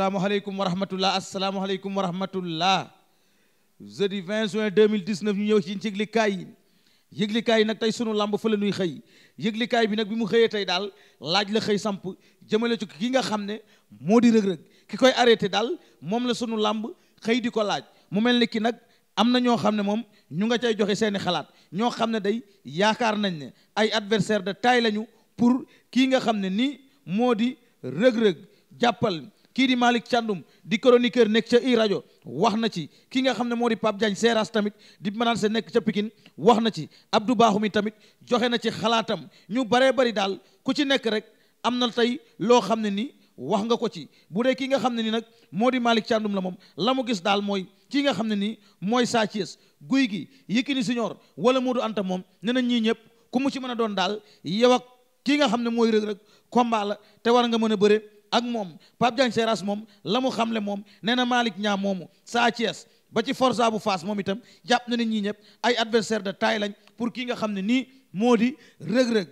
asalaamaaleykum wa rahmatullah asalaamaaleykum wa rahmatullah jeudi 20 juin 2019 ñu ñëw ci yëglikaay yi yi nag tey suñu làmb fa la ñuy xëy yëglikaay bi nag bi mu xëyee tey daal laaj la xëy samp jëmale ci ki nga xam ne moo di rëg ki koy arrêté daal moom la sunu làmb xëy di ko laaj mu mel ni ki nag am na ñoo xam ne moom ñu nga cay joxe seeni xalaat ñoo xam ne day yaakaar nañ ne ay adversaire de taille lañu pour kii nga xam ne nii moo di rëg-rëg jàppal kii di Malick Thiandoum di kër nekk ca i rajo wax na ci kii nga xam ne moo di Pape Diagne Seras tamit di manaan se nekk ca Pikine wax na ci Abdou Bakhoum mi tamit joxe na ci xalaatam ñu baree bari daal ku ci nekk rek am na tey loo xam ne ni wax nga ko ci bu dee ki nga xam ne ni nag moo di Malick Thiandoum la moom la mu gis daal mooy ki nga xam ne nii mooy Sa Thiès guy gi Yékini Senior wala Modou Anta moom ne na ñii ñëpp ku mu ci mën a doon daal yow ak ki nga xam ne mooy Reug Reug combat te war nga mën a bëre ak moom Pape moom la mu xamle moom nee na Malick Niang moomu Sa ba ci Forza bu Fass moom itam jàpp na ne ñii ñëpp ay adversaire de taille lañ pour kii nga xam ne nii moo di rëg-rëg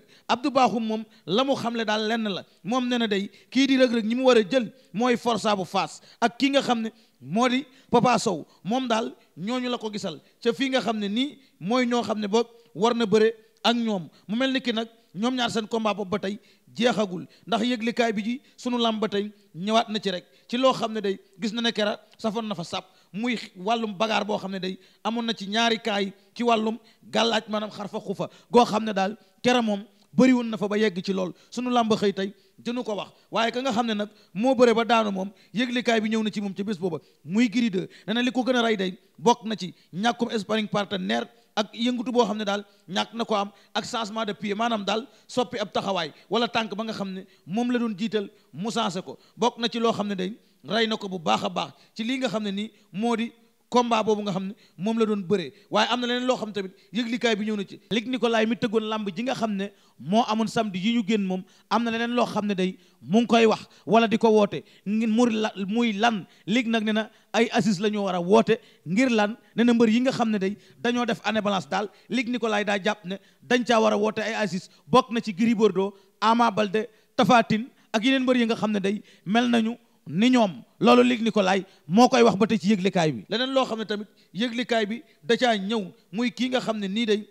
moom la mu xamle daal lenn la moom nee na day kii di rëg-rëg ñi mu war a mooy Forza bu Fass ak kii nga xam ne moo di Papa Sow moom daal ñooñu la ko gisal ca fii nga xam ne nii mooy ñoo xam ne boog war na bëre ak ñoom mu mel ni nag ñoom ñaar seen combat boobu ba tey jeexagul ndax yëglikaay bi ji sunu làmb ba tey ñëwaat na ci rek ci loo xam ne day gis na ne kera safoon na fa sàpp muy wàllum bagaar boo xam ne day amoon na ci ñaari kaay ci wàllum gàllaaj maanaam xar fa xufa goo xam ne daal kera moom bëri woon na fa ba yegg ci lool sunu làmb xëy tey dinu ko wax waaye ka nga xam ne nag moo bëre ba daanu moom yëglikaay bi ñëw na ci moom ca bés booba muy Gris 2 nee li ko gëna rey day bokk na ci ñàkkum sparring partenaire ak yëngatu boo xam ne daal ñàkk na ko am ak changement de pied maanaam daal soppi ab taxawaay wala tànk ba nga xam ne moom la doon jiital mu sansé ko bokk na ci loo xam ne day rey na ko bu baax a baax ci lii nga xam ne nii moo di combat boobu nga xam ne moom la doon bëree waaye am na leneen loo xam tamit yëglikaay bi ñëw na ci Luc Nicolaï mi tëggoon làmb ji nga xam ne moo amoon samedi yi ñu génn moom am na leneen loo xam ne day mu koy wax wala di ko woote mu muy lan Luc nag ne na ay assises la ñu war a woote ngir lan ne na mbër yi nga xam ne day dañoo def année balance daal Luc Nicolaï daa jàpp ne dañ caa war woote ay assises bokk na ci gir Bordeaux doo Baldé Tapha Tine ak yeneen mbër yi nga xam ne day mel nañu ni ñoom loolu ko laay moo koy wax ba tey ci yëglikaay bi leneen loo xam ne tamit yëglikaay bi da caa ñëw muy kii nga xam ne nii day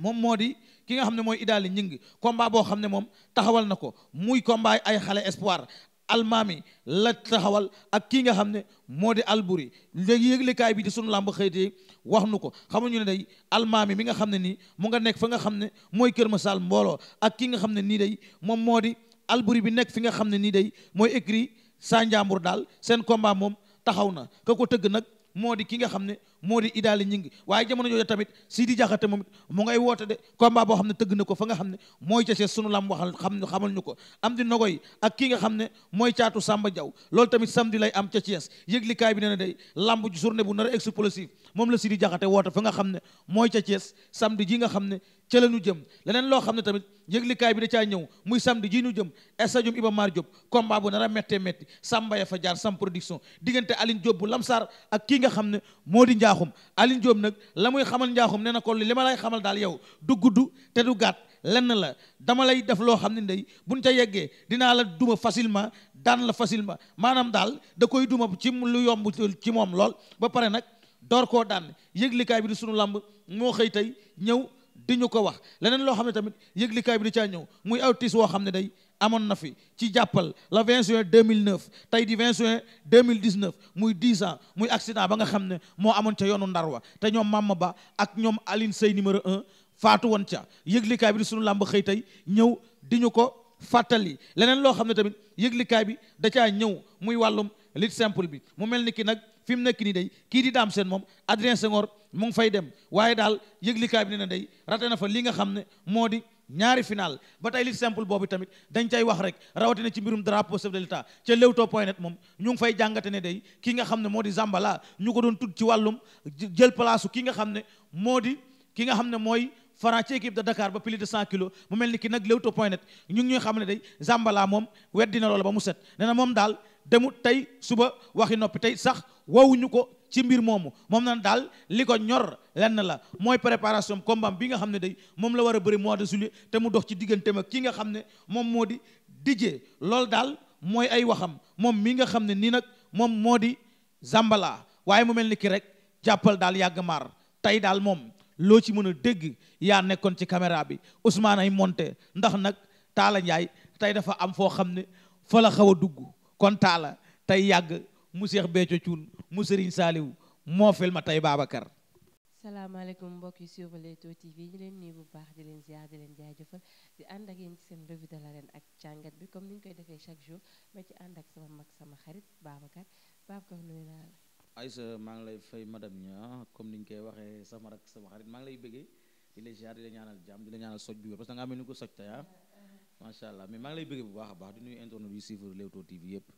moom moo di ki nga xam ne mooy idaali ñing combat boo xam ne moom taxawal na ko muy combat ay xale espoir almaami la taxawal ak kii nga xam ne moo di alburi léegi yëglikaay bi di sunu làmb xëytee wax nu ko xamuñu ne day almaami mi nga xam ne nii mu nga nekk fa nga xam ne mooy Kër Masal mbooloo ak ki nga xam ne nii day moom moo di alburi bi nekk fi nga xam ne nii day mooy écrit saa njàmbur daal seen combat moom taxaw na ka ko tëgg nag moo di ki nga xam ne moo di idaali ñi ngi waaye jamono jooju tamit Sidi Jaxate moom mu ngay woote de combat boo xam ne tëgg na ko fa nga xam ne mooy ca see sunu lam waxal xam xamal ñu ko am di nogoy ki nga xam ne mooy caatu Samba Diaw loolu tamit samedi lay am ca Thiès yëglikaay bi nee day lamb journée bu nar a explosive moom la Sidi Jaxate woote fa nga xam ne mooy ca Thiès samedi ji nga xam ne ca la ñu jëm leneen loo xam ne tamit yëglikaay bi da caa ñëw muy samedi ji ñu jëm stadium Iba Mar Diop combat bu nar a méttee métti Samba ya fa jaar sam production diggante alin Diop bu Lamsar ak kii nga xam ne moo di njaaxum alin Diop nag la muy xamal njaaxum nee na ko li ma lay xamal daal yow du gudd te du gàtt lenn la dama lay def loo xam ne ndey bu buñ ca yeggee dinaa la duma facilement daan la facilement maanaam daal da koy duma ci lu yomb ci moom lool ba pare nag door koo daan yëglikaay bi di sunu lamb moo xëy tey ñëw di ñu ko wax leneen loo xam ne tamit yëglikaay bi di caa ñëw muy aw tiis woo xam ne day amoon na fi ci jàppal la 20 juin 2009 tey di 20 juin 2019 muy 10 ans muy accident ba nga xam ne moo amoon ca yoonu ndar wa te ñoom Mama Ba ak ñoom alin Sey numéro 1 faatu woon ca yëglikaay bi di sunu làmb xëy tey ñëw di ñu ko fàttali leneen loo xam ne tamit yëglikaay bi da caa ñëw muy wàllum lit simple bi mu mel ni ki nag. fi mu nekk nii dey kii di daam seen moom Adrien Senghor mu ngi fay dem waaye daal yëglikaay bi ne na day rate na fa li nga xam ne moo di ñaari final ba tey li simple boobu tamit dañ cay wax rek rawatina ci mbirum drapeau chef de l'état ca Leewtoo point net moom ñu ngi fay jàngate ne dey ki nga xam ne moo di Zambala ñu ko doon tudd ci wàllum jël place ki nga xam ne moo di ki nga xam ne mooy Franc ci équipe de Dakar ba plus de 100 kilos mu mel ni kii nag Leewtoo point net ñu ngi ñuy xam ne day Zambala moom weddi na loola mu set na moom daal demut tey suba waxi noppi tey sax wowuñu ko ci mbir moomu moom na daal li ko ñor lenn la mooy préparation combat bi nga xam ne day moom la war a bëri mois de juillet te mu dox ci digganteem ak ki nga xam ne moom moo di Didier loolu daal mooy ay waxam moom mi nga xam ne nii nag moom moo di sambalaa waaye mu mel ni ki rek jàppal daal yàgg mar tey daal moom loo ci mën a dégg yaa nekkoon ci caméra bi Ousmane ay monte ndax nag Talla Ndiaye tey dafa am foo xam ne fa la xaw a dugg kon tey yàgg mu Seex mu Serigne Saliou moo fel ma tey Babacar. salaamaaleykum mbokk yi suivre Leewtoo TV ñu leen nii bu baax di leen ziar di leen jaajëfal di ànd ak yéen ci seen ak jàngat bi comme ni ñu koy defee chaque jour ma ànd ak sama sama xarit Babacar Babacar nuyu naa la. Aïssa maa ngi lay fay madame Nia comme ni ñu koy waxee sama rak sama xarit maa lay bëggee di la ziar di la ñaanal jàmm di bi parce que nga amee ni ko soj tey ah macha allah mais maa ngi lay bëggee bu baax a baax di nuyu internet yu suivre Leewtoo TV yëpp.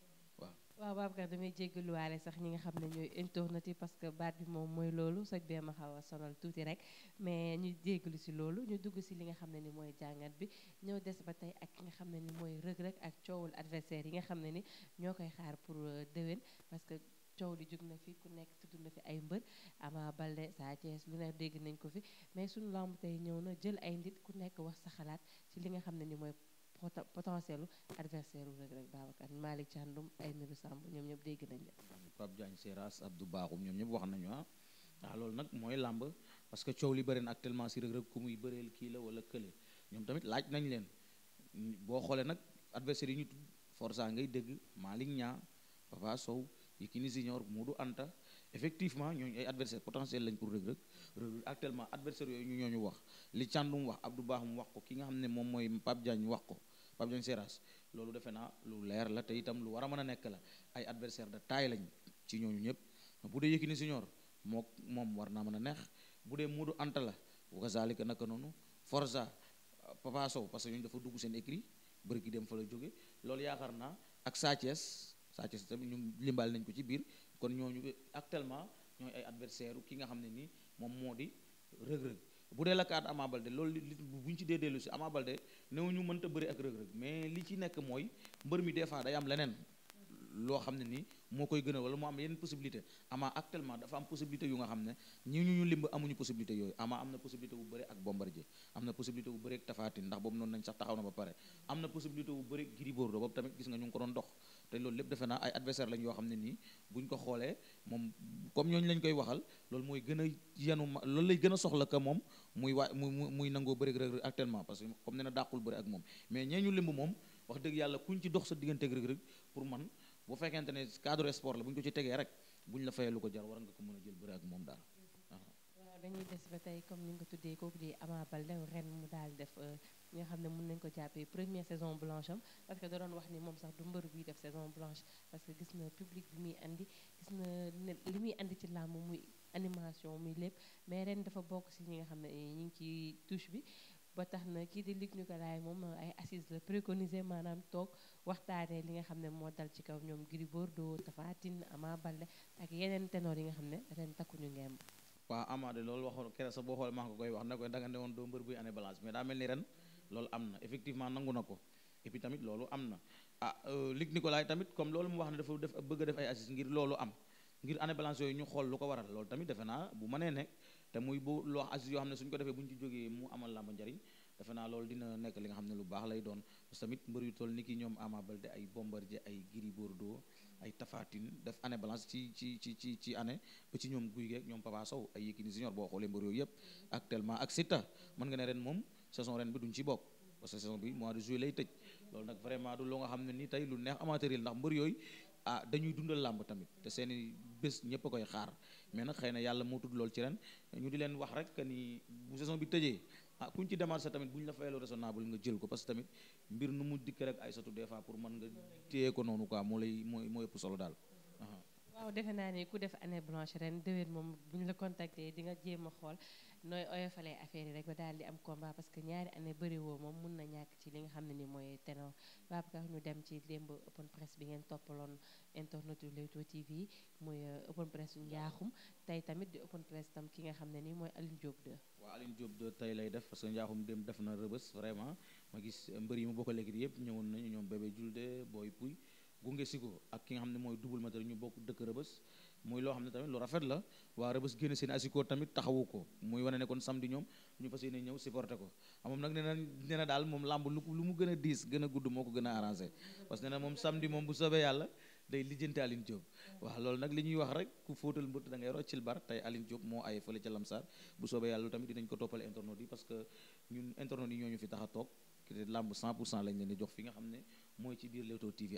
waaw Babacar damay jéggaluwaale sax ñi nga xam ne ñooy internet yi parce que baat bi moom mooy loolu soj bee ma xaw a sonal tuuti rek mais ñu jéggalu si loolu ñu dugg si li nga xam ne ni mooy jàngat bi ñëw des ba tey ak ki nga xam ne ni mooy Reug Reug ak coowul adversaire yi nga xam ne ni ñoo koy xaar pour euh, déwén parce que coow li jóg na fi ku nekk tudd na fi ay mbër Ama Baldé Sa Thiès lu ne dégg nañ ko fi mais suñu lamb tey ñëw na jël ay nit ku nekk wax sa xalaat ci li nga xam ne ni mooy potentiel adversaire wu Reug Reug Babacar Malick ay Aymérou Samb ñoom ñëpp dégg nañ la Pape Diagne Seras Abdou Bakhoum ñoom ñëpp wax nañu ah waaw ah, loolu nag mooy làmb parce que coow li bëri na actuellement si Reug Reug ku muy bëreel kii la wala kële ñoom tamit laaj nañ leen boo xoolee nag adversaire yi ñu tudd Forza ngay dégg Malick Niang Papa Sow Yékini Junior Modou Anta effectivement ñooñu ay adversaire potentiel lañ pour Reug Reug Reug actuellement adversaire yooyu ñu ñooñu wax li càndum wax Abdou Baax mu wax ko ki nga xam ne moom mooy Pape Diagne wax ko Pape Diagne Seras loolu defe naa lu leer la te itam lu war a mën a nekk la ay adversaire de taille lañ ci ñooñu ñëpp bu dee Yékini Senior moo moom war naa mën a neex bu dee Modou Anta la wakazalika naka noonu Forza Papa Sow parce que ñooñu dafa dugg seen écrit bëri gi dem fa la jóge loolu yaakaar naa ak Sa Thiès tamit ñu limbaal nañ ko ci biir kon ñooñu actuellement ñooy ay adversaire ki nga xam ne nii moom moo di rëg-rëg bu dee la kaat Ama Baldé loolu li bu ñu ci dee dellu si Ama Baldé néew ñu mënta bëri ak rëg-rëg mais li ci nekk mooy mbër mi des fois day am leneen loo xam ne nii moo koy gën a wala mu am yenn possibilité ama actuellement dafa am possibilité yu nga xam ne ñi ñu ñu limb amuñu possibilité yooyu ama am na possibilité bu bëri ak Bombardier am na possibilité bu bëri ak Tapha Tine ndax boobu noonu nañ sax taxaw na ba pare na possibilité bu bëri Gris tamit gis nga ñu ngi ko dox te loolu lépp defe naa ay adversaire lañ yoo xam ne nii buñ ko xoolee moom comme ñooñu lañ koy waxal loolu mooy gën a yanu loolu lay gën a soxla que moom muy mu mu muy nangoo bëri rek actuellement parce que comme ne na ak moom mais ñee ñu limb moom wax dëgg yàlla kuñ ci dox sa diggante rek rek pour man bu fekkente ne cadre sport la bu ñu ko ci tegee rek bu la fayee lu ko jar war nga ko mën a jël bëri ak moom daal. dañuy des ba tey comme ni nga ko tuddee kooku di Ama Baldé ren mu daal def euh, li nga xam ne mën nañu ko jàppee première saison blanche am parce que da doon wax ni moom sax du mbër buy def saison blanche parce que gis na public bi muy andi gis na li muy andi ci làmb muy animation muy lépp mais ren dafa bokk si ñi nga xam ne ñi ngi ci touche bi. ba tax na kii di Luc Nicolaï moom ay assises la préconiser maanaam toog waxtaanee li nga xam ne moo dal ci kaw ñoom Gris Bordeaux Tapha Tine Ama Baldé ak yeneen ténor yi nga xam ne ren takkuñu ngemb waaw Ama de loolu waxoon keroog sax maa ngi koy wax ne ko da nga woon doo mbër buy année balance mais daa mel ni na ko et puis loolu am na ah euh, Luc Nicolaï tamit comme loolu mu wax ne dafa def bëgg a def ay assises ngir loolu am ngir année balance yooyu ñu xool lu ko waral loolu tamit defe naa bu mënee nekk te muy bu loo assises yoo xam ne suñu ko defee bu ñu ci jógee mu amal làmb njariñ defe naa loolu dina nekk li nga xam ne lu baax lay doon parce que tamit mbër yu ñoom Ama ay Bombardier ay Gris ay Tapha Tine def année balance ci ci ci ci ci année ba ñoom Gouye Gui ñoom Papa Sow ay boo xoolee mbër yooyu yëpp actuellement ak Siteu mën nga ne ren moom saison ren bi duñ ci bokk parce que saison bi mois de juillet lay tëj loolu nag vraiment du loo nga xam ne tey lu neex amateur yi ndax mbër ah, dañuy dundal làmb tamit te seen i bés ñëpp a koy xaar mais nag xëy na yàlla moo tudd loolu ci ren ñu di leen wax rek que ni bu saison bi tëjee ah kuñ ci démarché tamit bu ñu la fayalu raisonnable nga jël ko parce que tamit mbir nu mu dikk rek ay satu des fois pour mën nga téye ko noonu quoi moo lay mooy moo ëpp solo daal waaw defe naa ne ku def année blanche ren déwén moom bu ñu la contacté di nga jéem a xool nooy oyofalee affaire yi rek ba daal di am combat parce que ñaari année bëri woo moom mun na ñàkk ci li nga xam ne ni mooy ténor Babacar ñu dem ci démb bi ngeen toppaloon internet yu Leewtoo TV muy euh, open press njaaxum tey tamit di tam ki nga xam ne ni mooy Alioune Diop 2 waaw Alioune Diop 2 tey lay def parce que njaaxum dem def na rëbës vraiment ma gis euh, mbër yi mu bokk léegi yëpp ñëwoon nañu ñoom bébé julde booy puy gunge si ko ak ki nga xam ne mooy ma moteur ñu bokk dëkk rëbës mooy loo xam ne tamit lu rafet la waa Rebeuss génn seen asiko tamit taxawu ko muy wane ne kon samedi ñoom ñu fas yéene ñëw supporté ko amoon nag nee na nee na daal moom làmb lu lu mu gën a diis gën a gudd moo ko gën a arrangé parce que nee na moom samedi moom bu soobee yàlla day lijjanti Aline Diop waaw loolu nag li ñuy wax rek ku fóotal mbëtt da ngay roccil bar tey Aline Diop moo ay fële ca Lamsar bu soobee yàlla tamit dinañ ko toppale internautes yi parce que ñun internautes fi tax a toog te làmb lañ leen di jox fi nga xam ne mooy ci biir Leewtoo TV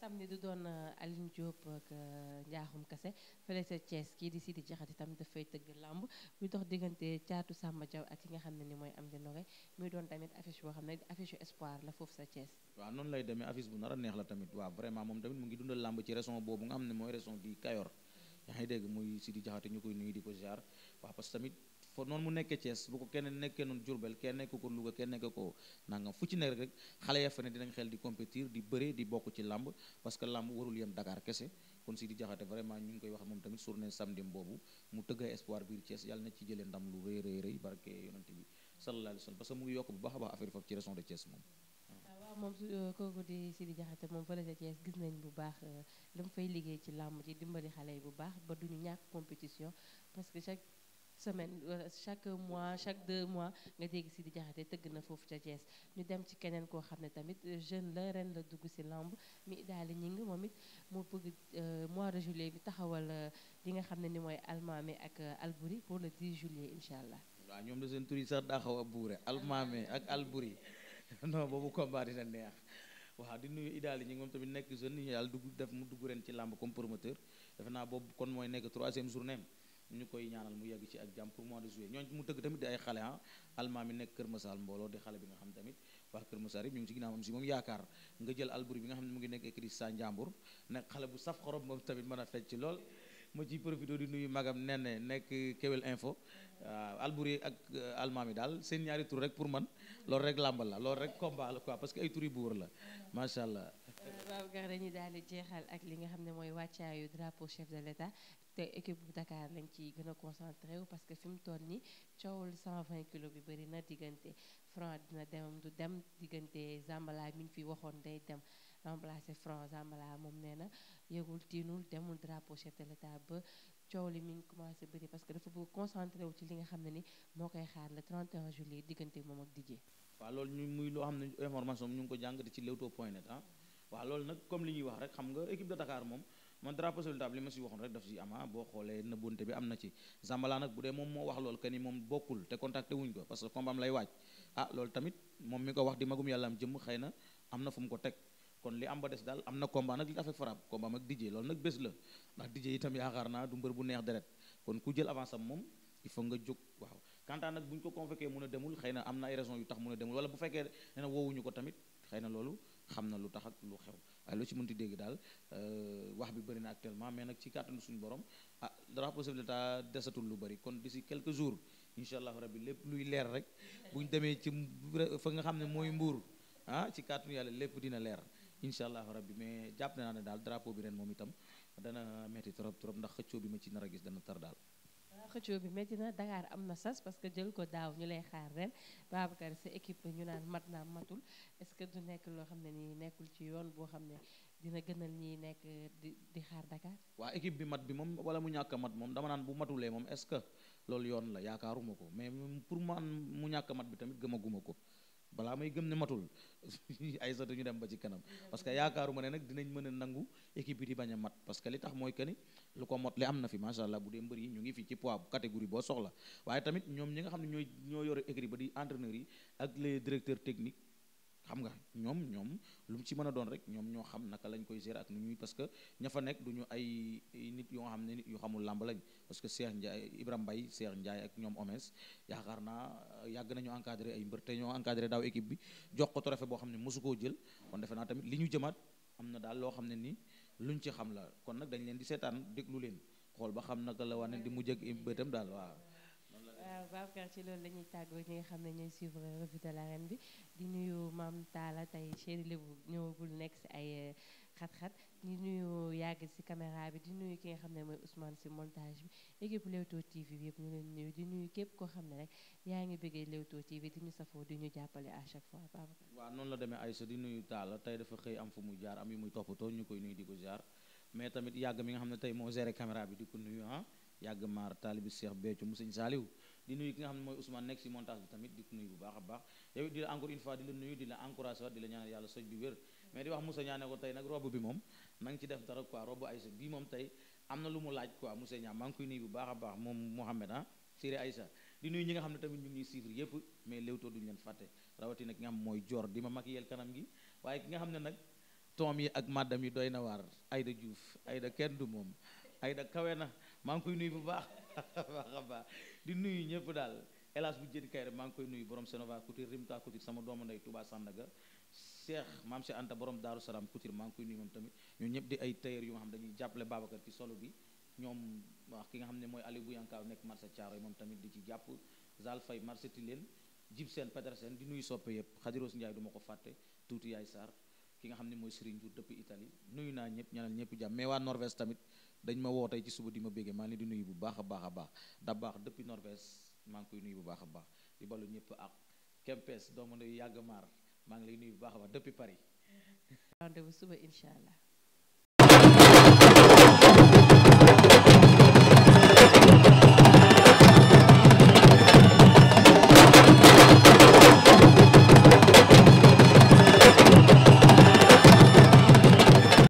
samedi du doon euh, Aline Diop ak euh, Njaaxum Kase fële ca Thiès kii di Sidi Diakhaté itam dafay tëgg làmb muy dox diggante caatu Samba Diaw ak ki nga xam ne ni mooy Amdi Ndoge muy doon tamit affiche boo xam ne affiche espoir la foofu sa Thiès waaw noonu lay demee affiche bu nar a neex la tamit waaw vraiment moom tamit mu ngi dundal làmb ci région boobu nga am ne mooy région di Kayor xale ya fa ne dinañ xel di compétir di bëre di bokk ci làmb parce làmb warul yem Dakar kese kon Sidi Jaxate vraiment ñu ngi koy wax moom tamit journée samedi boobu mu tëgg espoir biir Thiès yàlla na ci jëlee ndam lu rëy rëy barke yonante bi sallallahu wa sallam mu ngi yokk bu baax a baax ci région de Thiès moom waaw moom su euh, kooku di Sidi Diakhaté moom fële ca Thiès gis nañ bu baax euh, li mu fay liggéey ci làmb ci dimbali xale yi bu baax ba duñu ñàkk compétition parce que chaque semaine chaque mois chaque deux mois nga dégg di Diakhaté tëgg na foofu ca Thiès ñu dem ci keneen koo xam ne tamit euh, jeune la ren la dugg si làmb mi daal ñi ngi moom it moo bëgg mois de juillet bi taxawal li nga xam ne ni mooy almaami ak alburi pour le 10 juillet incha allah waaw ñoom de seen tur yi sax daa xaw a buure non boobu combat dina neex waaw di nuyu idaal yi ñi moom tamit nekk jeune ñu yàlla dugg mu dugg ren ci làmb comme promoteur defe boobu kon mooy nekk troisième journée ñu ñaanal mu yegg ci ak jàmm mois de juillet ñooñu mu tëgg tamit di ay xale ah almaa nekk Kër Masal mbooloo di xale bi nga xam tamit waa Kër Masal yi ñu ngi ci ginnaaw am si moom yaakaar nga jël alburi bi nga xam ne mu ngi nekk écrit sa njàmbur nekk xale bu saf xorom moom tamit mën a fecc ci lool ma ciy profité di nuyu magam nen nekk Kewel Info alburi ak euh, almaa mi daal seen ñaari tur rek pour man loolu rek làmb la loolu rek combat la quoi parce que ay turi buur la macha allah. Babacar dañuy daal di jeexal ak li nga xam ne mooy wàccaayu drapeau chef de l'État te équipe bu dakaar lañ ci gën a concentré wu parce que fi mu toll nii coowul 120 kilos bi bëri na diggante franc dina dem du dem diggante Zambala mi ñu fi waxoon day dem remplacé franc Zambala moom nee na yëgul tiinul demul drapeau chef de l'État ba. coow li mi ngi commencé bëri parce que dafa bëgg concentré wu ci li nga xam ne ni moo koy xaar le 31 juillet diggante moom ak waaw loolu ñu muy loo xam ne information bi ñu ngi ko jàngate ci leewtoo point net ah waaw loolu nag comme li ñuy wax rek xam nga équipe de Dakar moom man drapeau solitaire li ma si waxoon rek daf si ama ah, boo xoolee nëbbonte bi am na ci Zambala nag bu dee moom moo wax loolu que ni moom bokkul te contacté wuñ ko parce que combat am lay waaj ah loolu tamit moom mi ko wax di magum yàlla am jëm xëy na am na fu mu ko teg kon li am ba des daal am na combat nag li dafa frappe combat am ak DJ loolu nag bés la ndax DJ itam yaakaar naa du mbër bu neex deret kon ku jël avance am moom il nga jóg waaw kantaan nag bu ñu ko convoqué mun a demul xëy na am na ay raison yu tax mun a demul wala bu fekkee ne na woowuñu ko tamit xëy na loolu xam na lu tax ak lu xew waaye loo ci mënti dégg daal euh, wax bi bëri na actuellement mais nag ci kàttanu suñu borom ah drapeau chef de l'État desatul lu bari kon d'ici quelques jours incha allah rabbi lépp luy leer rek bu ñu demee ci fa nga xam ne mooy mbuur ah ci kàttanu yàlla lépp dina leer incha allah rabbi mais jàpp naa ne daal drapeau bi moom itam dana metti trop trop ndax xëccoo bi ma ci nar a gis dana tar daal xëccoo bi métti na Dakar am na sas parce que jël ko daaw ñu lay xaar ren Babacar sa équipe ñu naan mat naa matul est-ce que du nekk loo xam ne nii nekkul ci yoon boo xam ne dina gënal ñii nekk di di xaar Dakar. waa équipe bi mat bi moom wala mu ñàkk mat moom dama naan bu matulee moom est-ce que loolu yoon la yaakaaruma ko mais pour man mu ñàkk mat bi tamit gëmaguma ko. balaa may gëm ne matul ay sa ñu dem ba ci kanam parce que yaakaaruma ne nag dinañ mën a nangu équipe bi di bañ a mat parce que li tax mooy que ni lu ko mot li am na fi macha allah bu dee mbër yi ñu ngi fi ci poids bu catégorie boo soxla waaye tamit ñoom ñi nga xam ne ñooy ñoo yore équipe ba di entraîneurs yi ak les directeurs techniques xam nga ñoom ñoom lu mu ci mën a doon rek ñoom ñoo xam naka lañ koy gérer ak nu ñuy parce que ña fa nekk du ñu ay nit yoo xam ne nit yu xamul làmb parce que Cheikh Ndiaye Ibrahima Mbaye Cheikh Ndiaye ak ñoom Omes yaakaar naa euh, yàgg nañu encadré ay mbër te ñoo équipe bi jox ko trophée boo xam ne mosu koo jël kon defe naa tamit li ñu jëmaat am na daal loo xam ne ni luñ ci xam la kon nag dañ leen di seetaan déglu leen xool ba xam naka la ne di mujj ak bëtam daal waa waaw euh, Babacar ci loolu la ñuy tàggoo nga xam ne ñooy suivre revue de bi di nuyu maam Talla tey Chéri Lébu ñëwagul nekk si ay euh, xat-xat di nuyu yàgg si caméra bi di nuyu ki nga xam ne mooy si montage bi équipe Leewtoo TV ñu leen nuyu di nuyu képp koo xam ne rek yaa ngi bëggee Leewtoo TV di ñu safoo di ñu jàppale à chaque fois Babacar. waaw noonu la demee Aïssa di nuyu Talla tey dafa xëy am fu mu jaar am yu muy toppatoo ñu koy nuyu di ko jaar mais tamit yàgg mi nga xam ne tey moo géré caméra bi di ko nuyu ah yàgg maar taalibi Cheikh Béthio mu sëñ Saliou di nuyu ki nga xam ne mooy Ousmane nekk ci montage bi tamit di nuyu bu baax a baax yow di la encore une fois di la nuyu di la encouragé waat di la ñaanal yàlla soj bi wér mais di wax Moussa ñaane ko tey nag robe bi moom na nga ci def dara quoi koy nuyu bu baax a baax moom Mohamed ah Siré Aïssa di nuyu ñi nga xam ne tamit ñu ngi ñuy yépp mais Leewtoo duñu leen fàtte rawatina ki nga xam mooy Dior di ma maquilleel kanam gi waaye ki nga xam ne nag toom yi ak madame baax a baax di nuyu ñëpp daal hélas bu jënd kayre maa ngi koy nuyu borom Senova Couture Rimka Couture sama doomu ndey Touba Sandaga Cheikh Maam Cheikh Anta borom Daaru Salaam Couture maa ngi koy nuyu moom tamit ñoo ñëpp di ay tailleur yu nga xam dañuy jàppale Babacar ci solo bi ñoom wax ki nga xam ne mooy Aliou Bouyankaaw nekk marché Thiaroye moom tamit di ci jàpp Zal Faye marché Tilène seen Sène Petersen di nuyu soppe yëpp Khadiros Ndiaye du ma ko fàtte tuuti Yaay Sarr ki nga xam ne mooy Serigne Diour depuis Italie nuyu naa ñëpp ñaanal ñëpp jàmm mais waa Norvège tamit dañ ma woo tey ci suba di ma béggee maa ngi di nuyu bu baax a baax a baax da baax depuis Norvège maa ngi koy nuyu bu baax a baax di balu ñëpp ak Kempes doomu ndeyu yàgg maar maa ngi lay nuyu bu baax a baax depuis Paris. rendez-vous suba incha